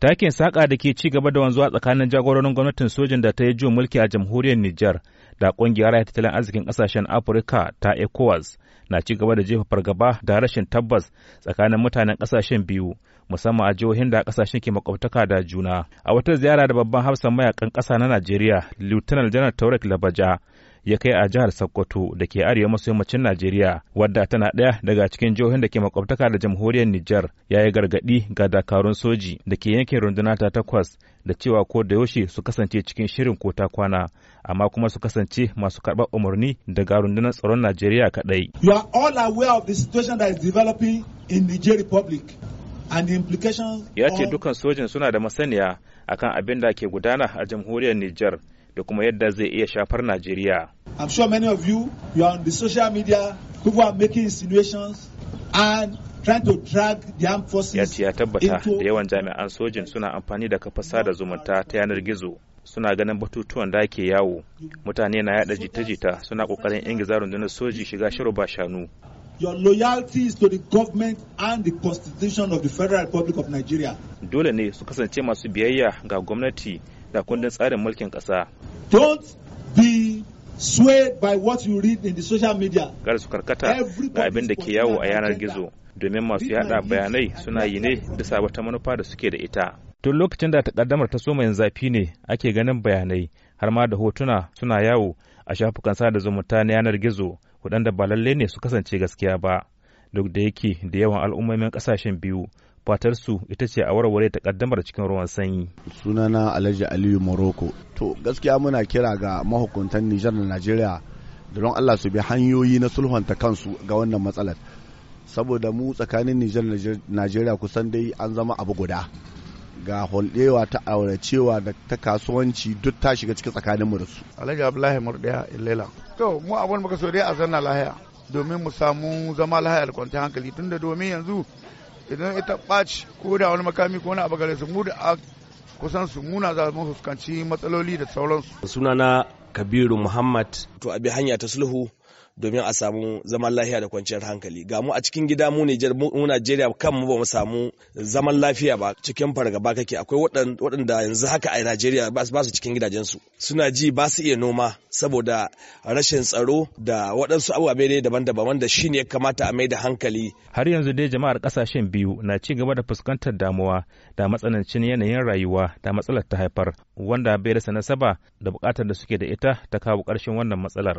Takin saƙa da ke ci gaba da wanzuwa tsakanin jagororin gwamnatin sojin da ta yi juyin mulki a jamhuriyar Nijar da ƙungiyar raya tattalin arzikin ƙasashen Afirka ta ECOWAS na ci gaba da jefa fargaba da rashin tabbas tsakanin mutanen ƙasashen biyu musamman a jihohin da ƙasashen ke makwabtaka da juna. A wata ziyara da babban hafsan mayakan ƙasa na Najeriya, Lieutenant General Tauric Labaja ya kai a jihar Sokoto da ke arewa maso yammacin Najeriya wadda tana ɗaya daga cikin jihohin da ke makwabtaka da jamhuriyar Nijar ya yi gargaɗi ga dakarun soji da ke yankin runduna ta takwas da cewa ko da yaushe su kasance cikin shirin ko ta kwana amma kuma su kasance masu karɓar umarni daga rundunar tsaron Najeriya kaɗai. You are all aware of the situation that is developing in Niger Republic. Ya ce dukan sojin suna da masaniya akan abin da ke gudana a jamhuriyar Nijar. da kuma yadda zai iya shafar Najeriya. I'm sure many of you, you are on the social media, people are making insinuations and trying to drag the armed forces ya ce ya tabbata da yawan jami'an sojin suna amfani da kafa sada zumunta ta yanar gizo suna ganin batutuwan da ake yawo mutane na yada jita-jita suna kokarin ingiza rundunar soji shiga shiru ba shanu Your loyalty is to the government and the constitution of the Federal Republic of Nigeria. Dole ne su kasance masu biyayya ga gwamnati da kundin tsarin mulkin kasa. Don't be swayed by what you read in the social media. Kar su karkata ga abin da ke yawo a yanar gizo domin masu yada bayanai suna yi ne bisa wata manufa da suke da ita. Tun lokacin da takaddamar ta soma yin zafi ne ake ganin bayanai har ma da hotuna suna yawo a shafukan sada zumunta na yanar gizo waɗanda ba lalle ne su kasance gaskiya ba duk da yake da yawan al'ummomin ƙasashen biyu fatarsu ita ce a warware takaddamar cikin ruwan sanyi. Sunana Alhaji Aliyu Morocco. To gaskiya muna kira ga mahukuntan Nijar da Najeriya da don Allah su bi hanyoyi na sulhunta kansu ga wannan matsalar. Saboda mu tsakanin Nijar da Najeriya kusan dai an zama abu guda. Ga holdewa ta auracewa da ta kasuwanci duk ta shiga cikin tsakaninmu da su. Alhaji Abdullahi Murdiya Ilela. To mu abun muka so dai a zanna lahiya domin mu samu zama lahiya da kwanciyar hankali tunda domin yanzu idan ita ɓaci ko da wani makami ko wani abagare su mu da kusan su muna za mu fuskanci matsaloli da sauransu sunana kabiru muhammad to abi hanya ta sulhu domin a samu zaman lafiya da kwanciyar hankali ga mu a cikin gida mu Najeriya kan mu ba mu samu zaman lafiya ba cikin fargaba kake akwai waɗanda yanzu haka a Najeriya ba su cikin gidajensu suna ji ba su iya noma saboda rashin tsaro da waɗansu abubuwa dai daban-daban wanda shine ya kamata a mai da hankali har yanzu dai jama'ar kasashen biyu na ci gaba da fuskantar damuwa da matsanancin yanayin rayuwa da matsalar ta haifar wanda bai rasa nasaba da bukatar da suke da ita ta kawo ƙarshen wannan matsalar